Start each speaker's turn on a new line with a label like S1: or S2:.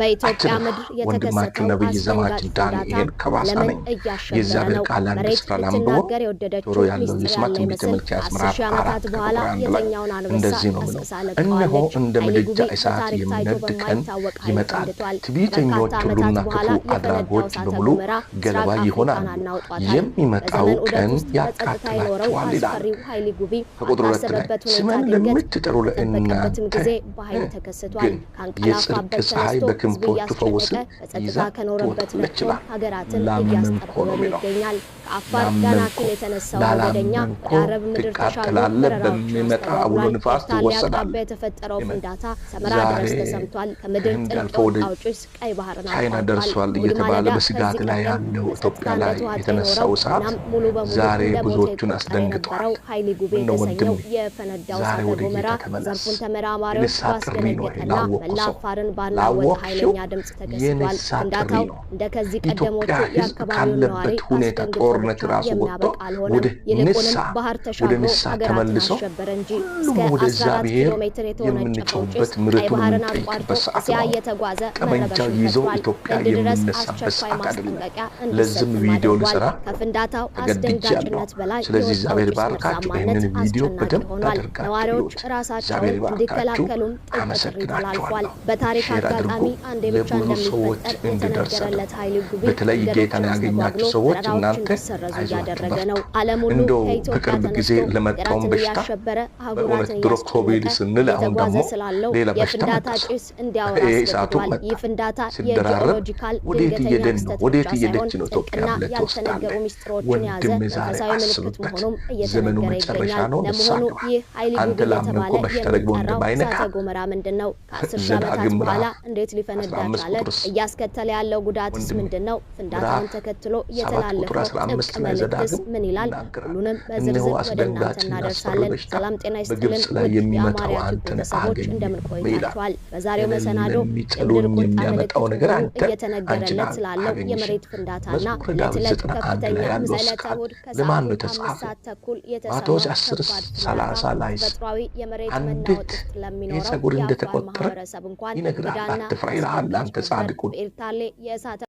S1: በኢትዮጵያ ምድር ወንድማችን ነብይ ዘማችን ዳንኤል ከባሳ ነኝ። የእግዚአብሔር ቃል አንድ ስራ ላንብቦ ጆሮ ያለው ይስማ። ትንቢተ ሚልክያስ ምዕራፍ አራት ቁጥር አንድ ላይ እንደዚህ ነው ብለው እነሆ እንደ ምድጃ እሳት የሚነድ ቀን ይመጣል፣ ትዕቢተኞች ሁሉና ክፉ አድራጎች በሙሉ ገለባ ይሆናሉ። የሚመጣው ቀን ያቃጥላቸዋል ይላል። ከቁጥር ሁለት ላይ ስሜን ለምትጠሩ ለእናንተ ግን የጽድቅ ፀሐይ በክንፍ ህዝብ እያስጨነቀ ጸጥታ ከኖረበት መጥቶ ሀገራትን እያስጠበበ ይገኛል። ከአፋር ዳናክል የተነሳው መንገደኛ ወደ ምድር ተሻግሮ በሚመጣ አውሎ ንፋስ ትወሰዳል። የተፈጠረው ፍንዳታ ሰመራ ድረስ ተሰምቷል። ከምድር ጥልቅ አውጭስ ቀይ ባህርን ቻይና ደርሷል እየተባለ በስጋት ላይ ያለው ኢትዮጵያ ላይ የተነሳው እሳት ዛሬ ብዙዎቹን አስደንግጧል። ነው ወንድም የፈነዳው እሳተ ገሞራ ዘርፉን ተመራማሪዎች ባስደነገጠና መላ አፋርን ባናወጥ ኃይለኛ ድምፅ ተገስቷል። ፍንዳታው እንደ ከዚህ ቀደሞቹ የአካባቢውን ነዋሪ አስደንግጧል። ጦርነት ራሱ ወጥቶ ወደ ንሳ ወደ ንሳ ተመልሰው ሁሉም ወደ እግዚአብሔር የምንጨውበት ምርቱን የምንጠይቅበት ሰዓት ነው። ጠመንጃ ይዘው ኢትዮጵያ የምነሳበት ሰዓት አይደለም። ለዚህም ቪዲዮ ልሰራ ተገድጃለሁ። ስለዚህ እግዚአብሔር ባርካችሁ። ይህንን ቪዲዮ በደንብ ታደርጋችሁ። እግዚአብሔር ባርካችሁ። አመሰግናችኋለሁ። ሼር አድርጉ፣ ለብዙ ሰዎች እንዲደርስ በተለይ ጌታን ያገኛችሁ ሰዎች እናንተ እንዲሰረዙ እያደረገ ነው። አለም ሁሉ ከኢትዮጵያ ተነስቶ እያሸበረ አህጉራትን እያስጨነቀ የተጓዘ ስላለው የፍንዳታ ጭስ እንዲያወራ አስገድዷል። ይህ ፍንዳታ የጂኦሎጂካል ድንገተኛ ክስተት ብቻ ነው ጥልቅና ያልተነገሩ ሚስጥሮችን የያዘ መንፈሳዊ ምልክት መሆኑም እየተነገረ ይገኛል። ለመሆኑ ይህ ኃይሊ ጉግል የሚጠራው እሳተ ገሞራ ምንድን ነው? ከአስር ዓመታት በኋላ እንዴት ሊፈነዳ ቻለ? እያስከተለ ያለው ጉዳትስ ምንድን ነው? ፍንዳታውን ተከትሎ የተላለፈው አምስት ላይ ዘዳግም ምን ይላል? ሁሉንም በዝርዝር ወደ እናንተ እናደርሳለን። ሰላም ጤና ይስጥልን። የሚመጣው አንተን አገኘ ይላል። በዛሬው መሰናዶ የምድር ቁጣ ምልክት እየተነገረለት ስላለው የመሬት ፍንዳታና ዕለት ከፍተኛ ዕለተ እሑድ ከሰዓት አምስት ሰዓት ተኩል የተሰማው ከባድ ፍንዳታ ተፈጥሯዊ የመሬት መናወጥ ለሚኖረው የአፋር ማህበረሰብ እንኳን ዕዳና ስጋት በኤርታሌ የእሳተ